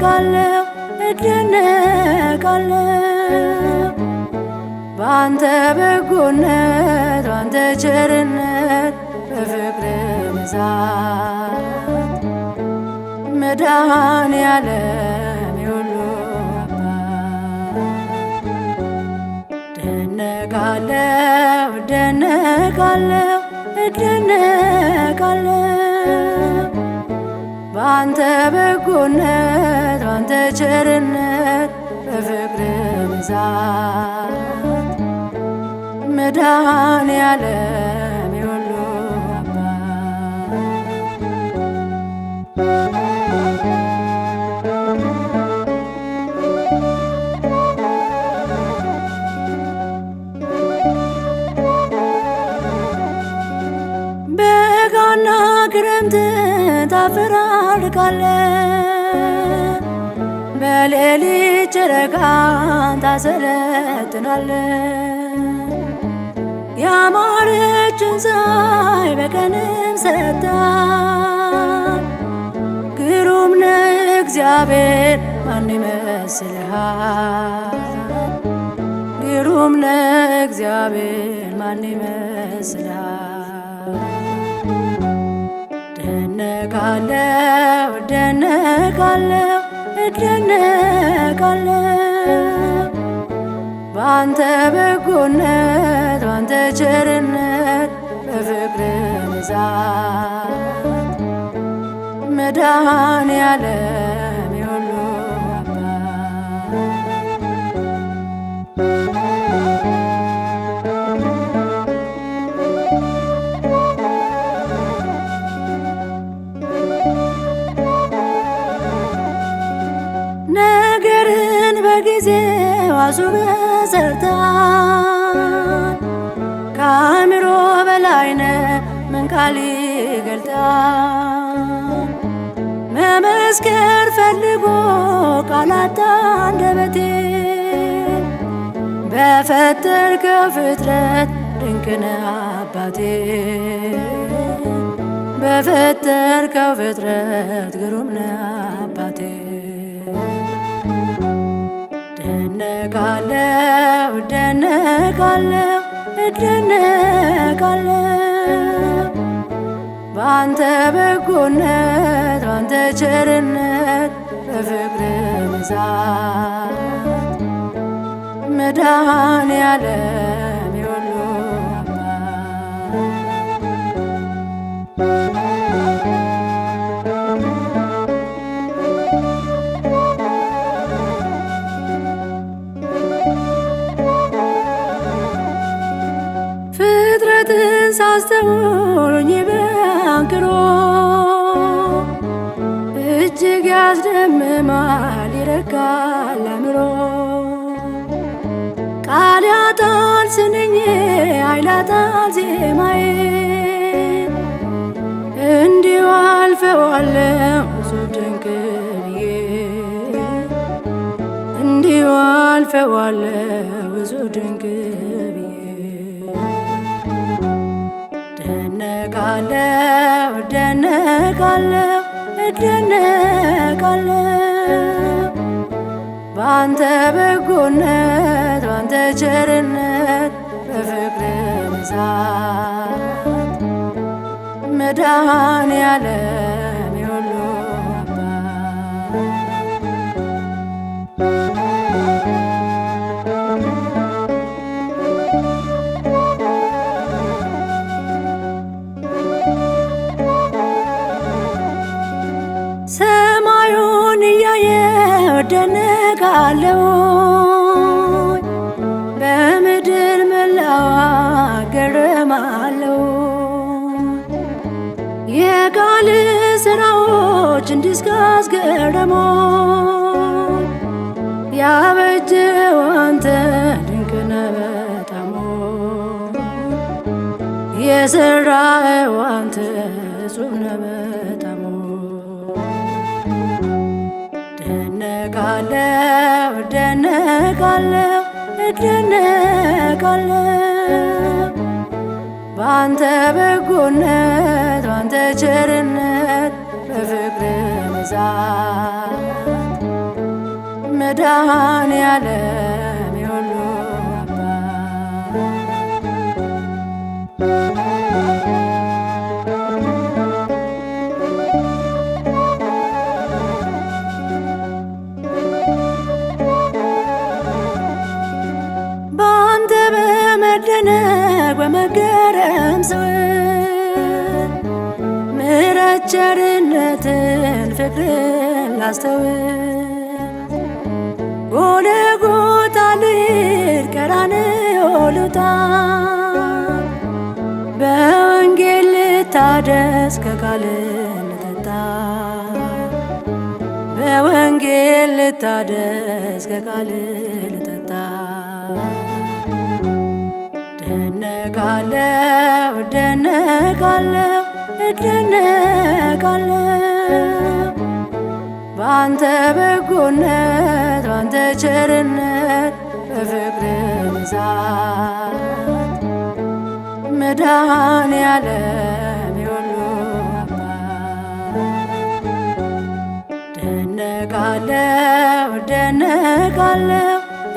እደነቃለሁ እደነቃለሁ በአንተ በጎነት በአንተ ቸርነት በፍቅር ብዛት መዳን ያለም የሁሉ አባት እደነቃለሁ እደነቃለሁ እደነቃለሁ ባንተ በጎነት ባንተ ቸርነት በፍቅር ብዛት መዳን ያለ በክረምት ታፈራርቃለ በሌሊት ጨረቃን ታሰለጥናለ ያማረችን ፀሐይ በቀንም ሰታ ግሩም ነህ እግዚአብሔር ማን ይመስልሃል? ግሩም ነህ እግዚአብሔር ማን ይመስልሃል? እደነቃለሁ እደነቃለሁ እደነቃለሁ ባንተ በጎነት ባንተ ቸርነት በፍቅር ብዛት መድኃኔዓለም ተዘርታ ከአእምሮ በላይነ ምን ቃል ይገልጣል? መመስከር ፈልጎ ቃላታ አንደበቴ በፈጠርከው ፍጥረት ድንቅነ አባቴ በፈጠርከው ፍጥረት ግሩምነ አባቴ እደነቃለው እደነቃለው እደነቃለው በአንተ በጎነት በአንተ ቸርነት በፍቅር ብዛት መድኃኔዓለም ሆኜ በአንክሮ እጅግ ያስደምማል ይረካል አምሮ ቃል ያጣል ስንኝ አይላጣል ዜማዬ እንዲሁ አልፈዋለው ብዙ ድንቅ ብዬ እንዲሁ አልፈዋለው ብዙ ድንቅ እደነቃለሁ እደነቃለሁ እደነቃለሁ በአንተ በጎነት በአንተ ቸርነት በፍቅር ምዛት መድኃኔዓለም እደነቃለሁ በምድር መላዋ ገረማለሁ የቃል ስራዎች እንዲስካስገረሞ ያበጀ አንተ ድንቅ ነህ በጣም የሰራኸው አንተ እጹብ እደነቃለሁ እደነቃለሁ እደነቃለሁ በአንተ በጎነት በአንተ ቸርነት በፍቅር መዛት መድኃኔዓለም ቸርነትን ፍቅርን ላስተውል ጎልጎታ ልሂድ ቀራንዮ ልውጣ በወንጌል ልታደስ ከቃል እንጠጣ በወንጌል ልታደስ ከቃል እንጠጣ ደነቃለው ደነቃለው እደነቃለሁ በአንተ በጎነት በአንተ ቸርነት በፍቅር ብዛት መድኃኔዓለም የሁሉ አባት እደነቃለሁ እደነቃለሁ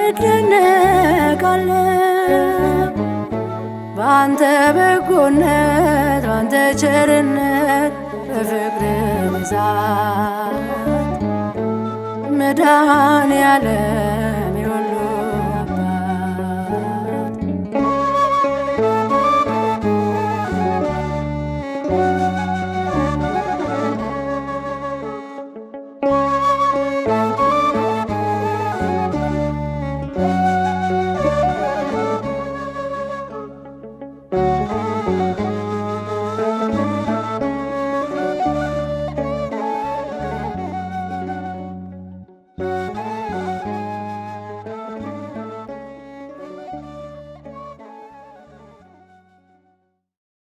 እደነቃለሁ ባንተ በጎነት ባንተ ቸርነት በፍቅር ብዛት መድኃኔዓለም የሁሉ